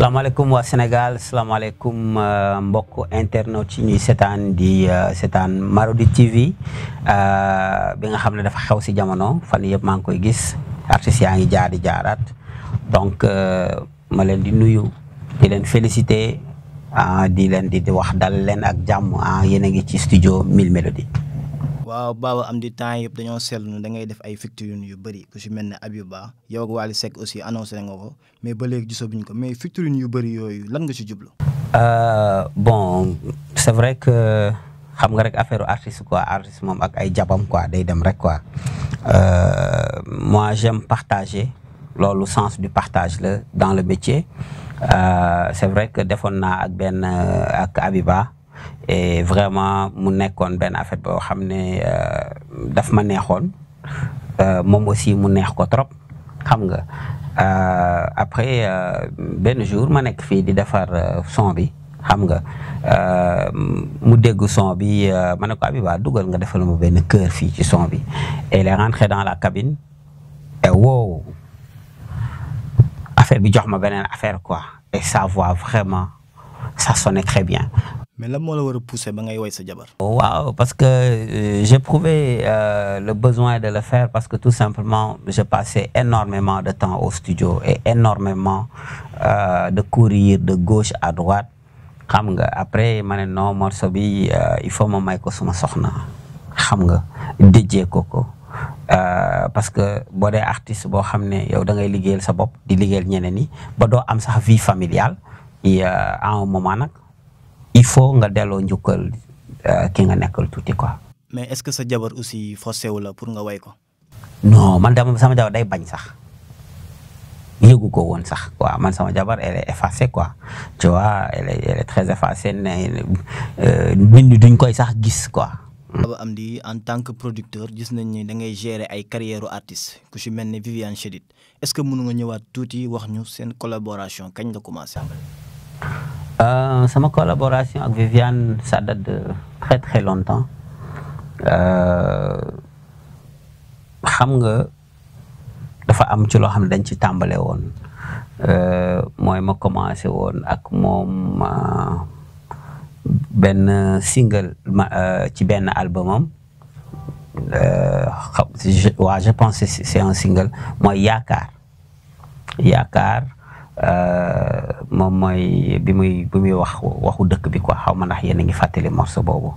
salaamaaleykum waa Sénégal salaamaaleykum euh, mbokk internautes yi ñuy seetaan di euh, seetaan Marodi TV euh, bi nga xam ne dafa xew si jamono fan yëpp maa ngi koy gis artistes yaa ngi jaar di jaaraat donc ma leen di nuyu di leen félicité ah, di leen di wax dal leen ak jàmm ah, yéen a ngi ci studio 1000 Mélodies. waaw baaba am di temps yëpp dañoo seetlu ne da ngay def ay ficturine yu bëri ku si mel ne Abiba yow ak Wally Seck aussi annoncé nga ko mais ba léegi gisaguñ ko mais ficturine yu bëri yooyu lan nga si jublu. Euh, bon c'est vrai que xam nga rek affaire artiste quoi artiste moom ak ay jabam quoi day dem rek quoi euh, moi j'aime partager loolu sens du partage la dans le métier euh, c'est vrai que defoon naa ak benn ak Abiba et vraiment mu nekkoon ben affaire bo xamné euh daf ma euh mom aussi mu neex ko trop xam nga euh, après ben jour ma nekk fii di defar euh, son bi xam nga mu dégg son bi ma ne ko Abiba dugal nga defal ma benn kër fii ci son bi elle est rentrée dans la cabine et wow affaire bi jox ma beneen affaire quoi et ça voit vraiment ça sonnait très bien mais lan moo la pousser jabar. parce que euh, j'ai prouvé euh, le besoin de le faire parce que tout simplement j'ai passé énormément de temps au studio et énormément euh, de courir de gauche à droite après maintenant, non il faut que je me suma soxna xam nga parce que boo les artiste boo xam ne yow da ngay liggéeyal sa bopp di liggéeyal ñeneen ñi ba doo am vie familiale et à un moment il faut nga delloo njukkal euh, ki nga nekkal tuuti quoi. mais est-ce que sa jabar aussi forcé wu la pour nga way ko. non man dama sama jabar day bañ sax yëgu ko woon sax quoi man sama jabar elle est effacée quoi tu vois elle est elle est très effacée euh, duñ koy sax gis quoi. Mm. Baba di en tant que producteur gis nañ ni da ngay gérer ay carrière artiste ku si mel ne Viviane Chidid est-ce que mën nga ñëwaat tuuti wax ñu seen collaboration kañ nga commencé. Euh, sama collaboration ak Viviane ça date de très très longtemps euh, xam nga dafa am ci loo xam ne dañ ci tàmbale woon euh, mooy ma commencé woon ak moom benn single ci benn albumam xaw waa je pense c'est un single mooy yaakaar yaakaar. moom mooy bi muy bi muy wax waxu dëkk bi quoi xaw ma ndax yéen a ngi fàttali morceau boobu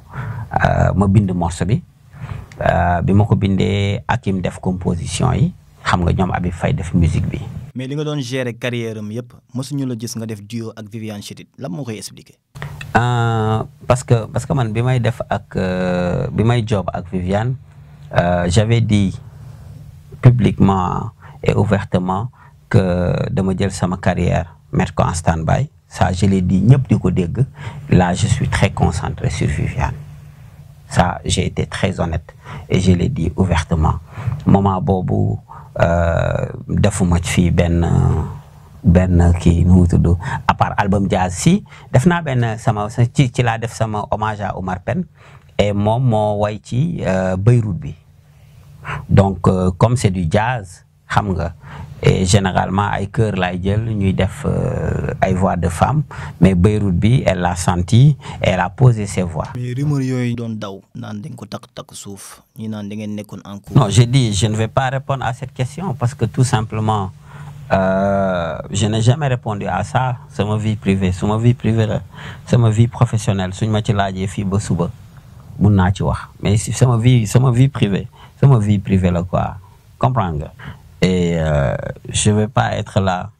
euh, ma bind morceau bi euh, bi ma ko bindee ak Hakim def composition yi xam nga ñoom abi fay def musique bi. mais li nga doon gérer carrière am yëpp mosuñu la gis nga def duo ak Viviane Chidid lan moo koy expliquer. Euh, parce que parce que man bi may def ak bi may job ak Viviane j'avais di publiquement et ouvertement que dama jël sama carrière. mettre en stand-by ça je l'ai dit ñëpp di ko dégg là je suis très concentré sur Viviane ça j'ai été très honnête et je l'ai dit ouvertement Maman Bobo, euh, defuma m'a ben ben, kii qui à part album jazz si def ben, benn sama ci hommage à Omar Pène et moi moo way ci euh, Beyrouth donc euh, comme c'est du jazz xam et généralement ay cœur lay jël ñuy def euh, ay voix de femme mais Beyrouth bi elle l'a senti elle a posé ses voix. mais rumeur yoy doon daw naan dañ ko tak tak souf ñi naan da ngeen nekkoon en cours. non j'ai dit je ne vais pas répondre à cette question parce que tout simplement euh, je n'ai jamais répondu à ça c'est ma vie privée c'est ma vie privée c'est ma vie professionnelle suñ ma ci laajee fi ba suba mun na ci wax mais ma vie ma vie privée c'est ma vie privée la quoi comprendre et euh, je vais pas être là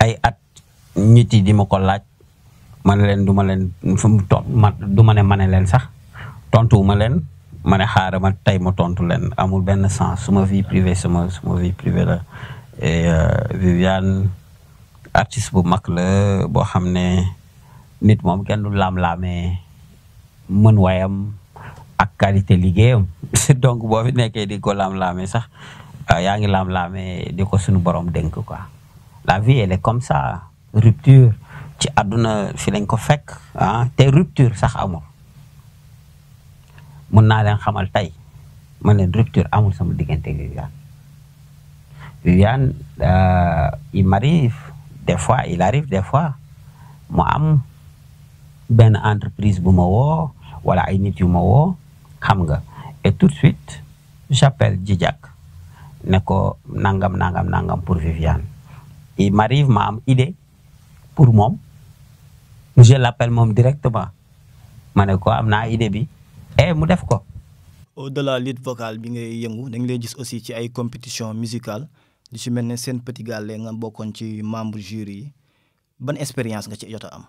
ay at nit di pas être laaj Je ne pas être là. Je ne ne ne sax tontu ma là. mané ne je ma pas amul sens vie privée vie privée et euh, Viviane artiste bu pas la là. xamné nit mom kenn du lam pas mën wayam ak qualité c'est donc boo fi di Ah, yaa ngi lam-laamee di ko suñu borom dénk quoi la vie elle est comme ça rupture ci aduna fi lañ ko fekk ah te rupture sax amul mun naa leen xamal tey ma leen rupture amul sama diggante Viviane Viviane euh, il m'arrive des fois il arrive des fois mu am benn entreprise bu ma wala ay nit yu ma woo xam nga et tout de suite j'appelle ne ko nangam nangam nangam pour Viviane il m'arrive ma am idée pour moom je l'appelle moom directement ma ne ko am naa idée bi eh mu def ko. au-delà lutte vocale bi nga yëngu nga lay gis aussi ci ay compétition musicale di si mel ne seen petit nga bokkoon ci membre jury yi ban expérience nga ci jot a am.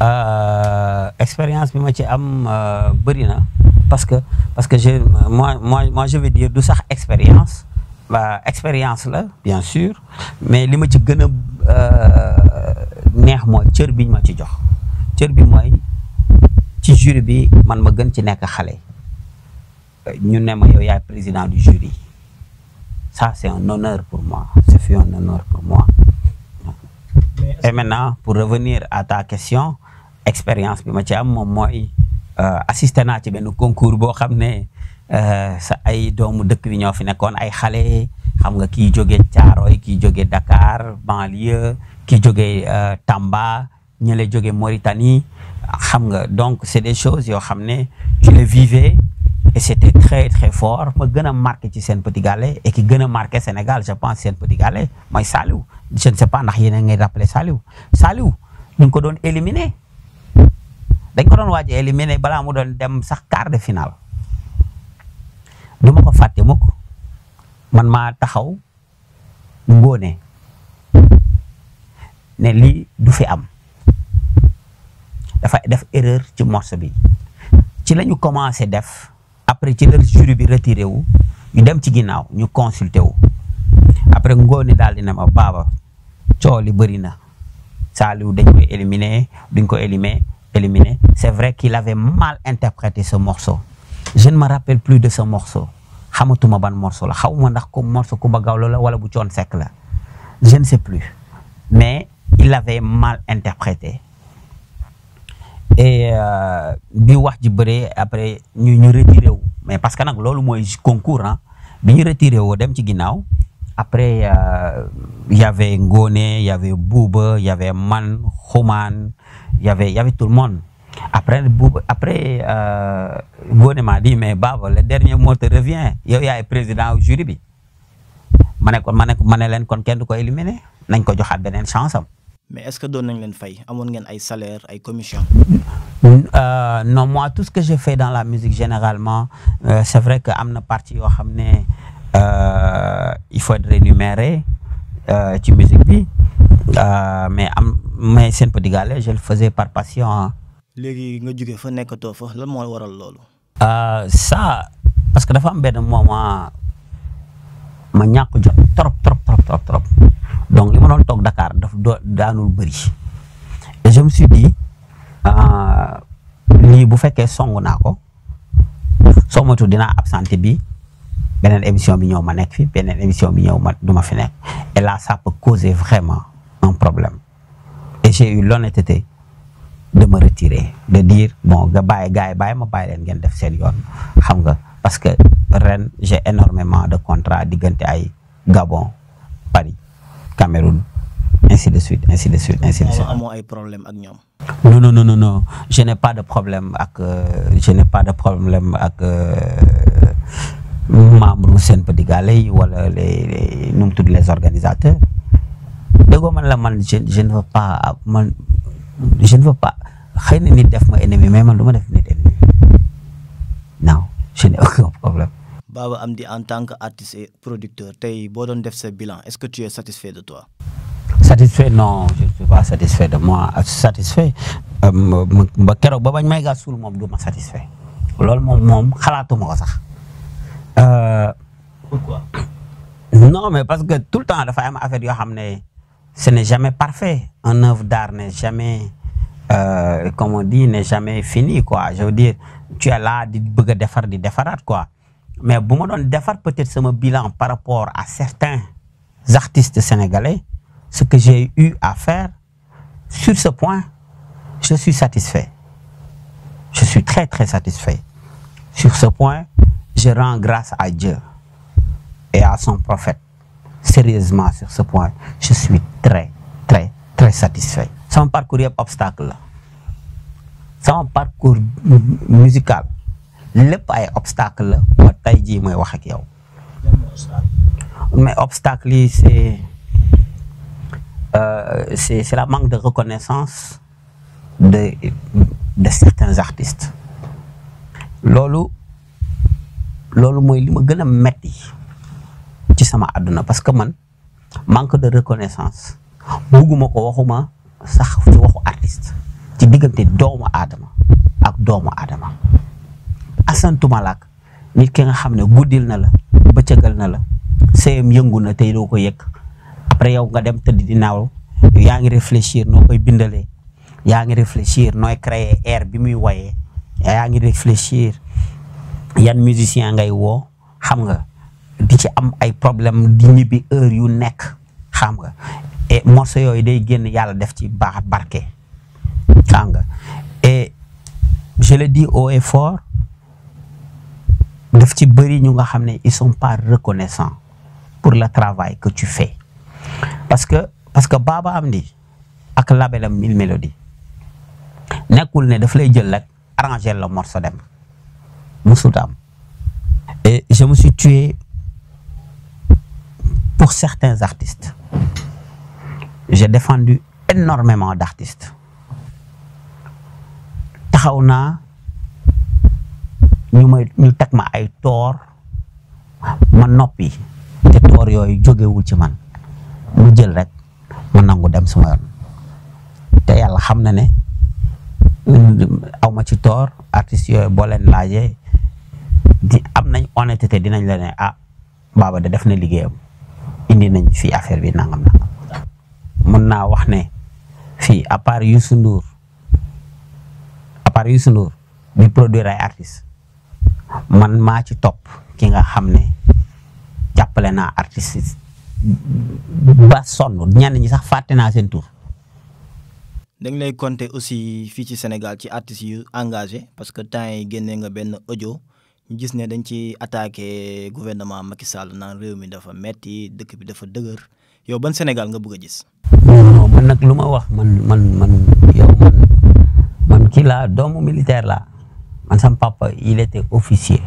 Euh, expérience bi ma ci am euh, bëri na. parce que parce que je moi moi moi je veux dire de sax expérience bah expérience là bien sûr mais li ma ci gën a euh, neex ma ci jox cër bi mooy ci jury bi man ma gën ci nekk xale ñu ne yow président du jury ça c'est un honneur pour moi c'est fut un honneur pour moi et maintenant pour revenir à ta question expérience bi ma ci am euh, assisté na ci ben concours bo xamné euh sa ay doomu dëkk bi ñoo fi nekkoon ay xalé xam nga ki joggé Thiaroy ki joggé Dakar banlieue kii jóge euh, Tamba ñele joggé Mauritanie xam nga donc c'est des choses yo xamné tu les vivais et c'était très très fort ma gëna marqué ci Sen Petit Gallé et ki gëna marqué Sénégal je pense Sen Petit Gallé moy Saliou je ne sais pas ndax yéen ngay rappelé Saliou Saliou ñu ko doon éliminer dañ ko doon waaj a éliminer balaa mu doon dem sax quart de final du ma ko fàtte mukk man maa taxaw ngóone ne lii du fi am dafa def erreur ci morceau bi ci la commencé def après ci la jury bi retiré wu ñu dem ci ginnaaw ñu consulté wu après ngóone daal di ma baaba bëri na dañ koy duñ ko éliminer éliminé. C'est vrai qu'il avait mal interprété ce morceau. Je ne me rappelle plus de ce morceau. xamatuma ban morceau la xawma ndax ko morceau Coumba Gawlo la ou bu morceau Seck je ne sais plus mais il l'avait mal interprété et euh, bi wax ji après ñu ñu retiré mais parce que c'est loolu mooy concours ah bi ñu retiré woo dem ci après euh, y avait il y avait il y avait man Xuman il y avait, il y avait tout le monde. Après, après euh, Gone m'a dit, mais Baba, le dernier mot te revient. yow le président au jury bi ne kon ma ne ma kon kenn ko éliminer ko chance am. mais est-ce que vous nañ fait fay amoon ngeen ay salaire ay commission. Euh, non moi tout ce que je fais dans la musique généralement euh, c'est vrai que am une partie yoo euh, il faut être rémunéré euh, ci musique bi euh, mais am mais petit galère je le faisais par passion hein. euh, ça parce que la femme ben moment trop trop trop trop trop donc je suis Dakar dans le daanul et je me suis dit euh, lii bu son, songu si je suis absenté bi une émission bi ma fi une émission et là ça peut causer vraiment un problème et j'ai eu l'honnêteté de me retirer de dire bon je ne gars pas ma parce que ren j'ai énormément de contrats ay Gabon Paris Cameroun ainsi de suite ainsi de suite ainsi de suite. problème ak non non non non je n'ai pas de problème avec euh, je n'ai pas de problème ak euh, membre sen Petit ou les nous les organisateurs déggoo man la man je je ne veux pas man je ne veux pas xëy ni def ma ennemi mais man du def ennemi non je n'ai aucun problème. Baba Amdy en tant qu'artiste et producteur tey tu doon def ce bilan est-ce que tu es satisfait de toi. satisfait non je ne suis pas satisfait de moi satisfait euh, ba kéro ba bañ may sul mom du ma satisfait lol mom mom xalaatuma ko sax. Euh, pourquoi. non mais parce que tout le temps la am affaire yo xamné ce n'est jamais parfait. Un œuvre d'art n'est jamais, euh, comme on dit, n'est jamais fini, quoi. Je veux dire, tu as là, tu veux des tu quoi. Mais bon, on défaire peut-être mon bilan par rapport à certains artistes sénégalais, ce que j'ai eu à faire, sur ce point, je suis satisfait. Je suis très, très satisfait. Sur ce point, je rends grâce à Dieu et à son prophète. Sérieusement, sur ce point, je suis très, très, très satisfait. Sans parcours e, obstacle sans parcours musical le pas obstacle je ba tey mais obstacle euh, c'est c'est la manque de reconnaissance de de certains artistes lolo moi il me ma metti ci parce que manque de reconnaissance bugguma ko waxuma sax ci waxu artiste ci diggante doomu aadama ak doomu aadama asantuma lak nit ki nga xam ne guddil na la bëccëgal na la seyam yëngu na tey doo ko yëg après yow nga dem tëdd di naaw yaa ngi réfléchir noo koy bindalee yaa ngi réfléchir nooy créer air bi muy wayee yaa réfléchir yan musicien ngay wo xam nga di ci am ay problème di ñibbi heure yu nekk xam nga et morceau yooyu day génn yàlla def ci baax barke xam nga et je le dis au effort, fort daf ci bëri ñu nga xam ne ils sont pas reconnaissants pour le travail que tu fais parce que parce que Baba Amdi ak labelam Mille mélodie. nekkul ne daf lay jël rek arranger le morceau dem musut am et je me suis tué pour certains artistes j'ai défendu énormément d'artistes taxaw naa ñu may ñu teg ma ay toor ma noppi te toor yooyu jógewul ci man mu jël rek ma nangu dem suma yoon te yàlla xam na ne aw ci toor artistes yoy boo leen di am nañ honnêteté dinañ la né ah baba de def na liggéeyam indi nañ fi affaire bi nangam nangam mën na wax ne fii à part Youssou Ndour à part Youssou Ndour bi produire ay artiste man maa ci topp ki nga xam ne jàppale naa artiste ba sonn ñenn ñi sax fàtte naa seen tur dañ lay compter aussi fii ci Sénégal ci artistes yu engagé parce que temps yi génnee nga benn audio gis ne dañ ci attaqué gouvernement Macky Sall naan réew mi dafa metti dëkk bi dafa dëgër yow ban Sénégal nga bëgg gis. man nag lu wax man man man yow man man kii laa doomu militaire laa man sam papa il était officier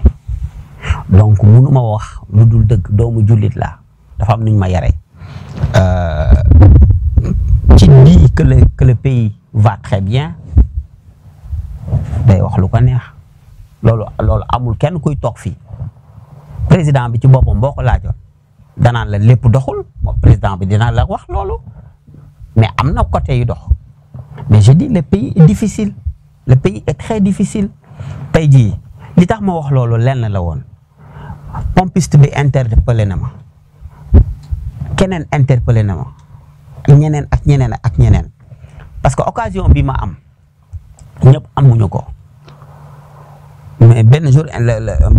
donc munu ma wax lu dul dëgg doomu jullit laa dafa am nuñ ma yare euh, ci di que le que le pays va très bien day wax lu ko neex. loolu loolu amul kenn kuy toog fii président bi ci boppam boo ko laajoon danaan la lépp doxul moom président bi dina la wax loolu mais am na côté dox mais je dis le pays est difficile le pays est très difficile tey jii li tax ma wax loolu lenn la woon pompiste bi interpellé na ma keneen interpellé na ma ñeneen ak ñeneen ak ñeneen parce que occasion bi ma am ñëpp amuñu ko. mais ben jour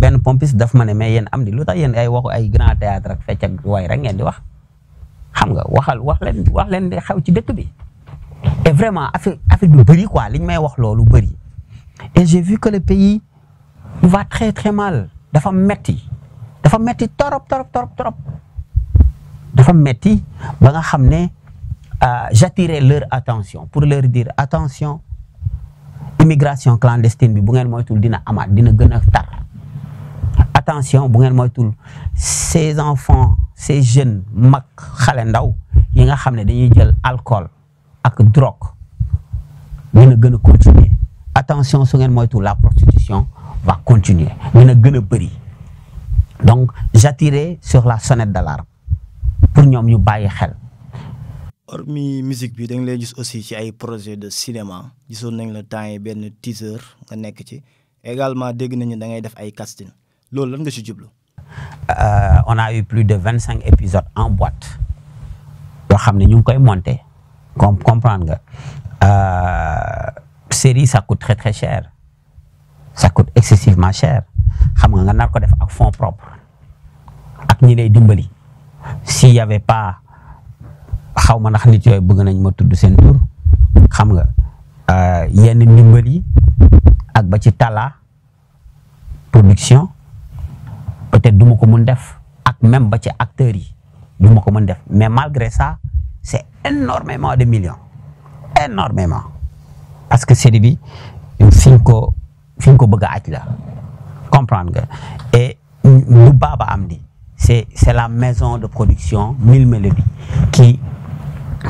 ben pompiste daf mané ne mais yéen am di lu tax ay waxu ay grand théâtre ak fecc ak waay rek ngeen di wax xam nga waxal wax len wax len di xaw ci dëkk bi et vraiment affaire affaire du bëri quoi liñ may wax lolu bëri et j'ai vu que le pays va très très mal dafa metti dafa metti torop torop torop torop dafa metti ba nga xamné ne euh, j'attirer leur attention pour leur dire attention immigration clandestine bi bu ngeen moytul dina amaat dina gën tar attention bu ngeen moytul ces enfants ces jeunes mak ont ndaw yi nga xam de dañuy jël alcool ak drogue dina vont continuer attention su ngeen la prostitution va continuer dina gën donc j'attirai sur la sonnette d'alarme pour ñom ñu bayyi xel hormis musique bi da lay gis aussi ci ay projet de cinéma gisoon nañ la temps yi benn teaser nga nekk ci également dégg nañu da ngay def ay casting loolu lan nga ci jublu. Euh, on a eu plus de 25 épisodes en boîte yoo xam ne ñu ngi koy monter comme comprendre nga euh, série ça coûte très très cher ça coûte excessivement cher xam nga nga nar ko def ak fonds propres ak ñi lay dimbali s'il y avait pas xawma ma ndax nit yooyu bëgg nañ ma tudd seen tour xam nga euh, yenn ndimbal yi ak ba ci tala production peut-être du ma ko mun def ak même ba ci acteurs yi du ma ko mun def mais malgré ça c'est énormément de millions énormément parce que série bi fi ko fi ko bëgg a la comprendre nga et lu Baba Hamdy c'est c'est la maison de production Mille Mélodies qui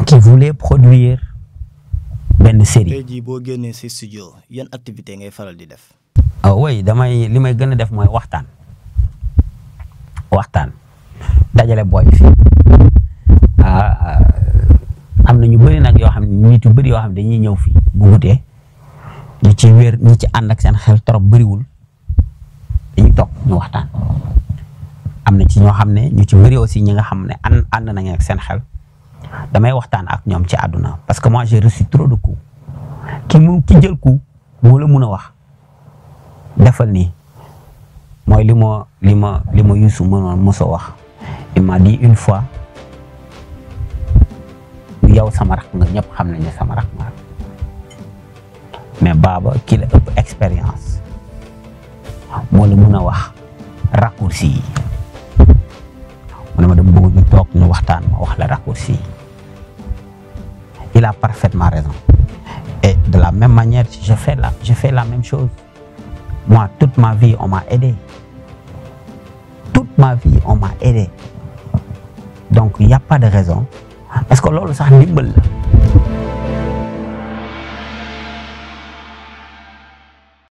qui voulait produire benn série. tey jii boo génnee si studio yan activité ngay faral di def. ah oui damay li may def mooy waxtaan waxtaan dajale booy fi ah, ah am ñu bëri nag yoo xam nit yu bëri yoo xam dañuy ñëw fii bu guddee ñu ci wér ñu ci ànd ak seen xel trop bëriwul dañuy toog ñu waxtaan am ci ñoo xam ñu ci bëri aussi ñi nga xam ne ànd ànd nañ ak seen xel damay waxtaan ak ñoom ci àdduna parce que moi j'ai reçu trop de coups ki mu ki jël coup limo la mun wax defal nii mooy li ma li ma li yusu wax il m'a dit une fois yow sama rakk nga ñëpp xam nañ ne sama rakk nga mais baaba ki la ëpp expérience moo la mun wax raccourci bëgg ñu ñu waxtaan ma wax la raccourci il a parfaitement raison. Et de la même manière, je fais la, je fais la même chose. Moi, toute ma vie, on m'a aidé. Toute ma vie, on m'a aidé. Donc, il n'y a pas de raison. Parce que l'autre, ça,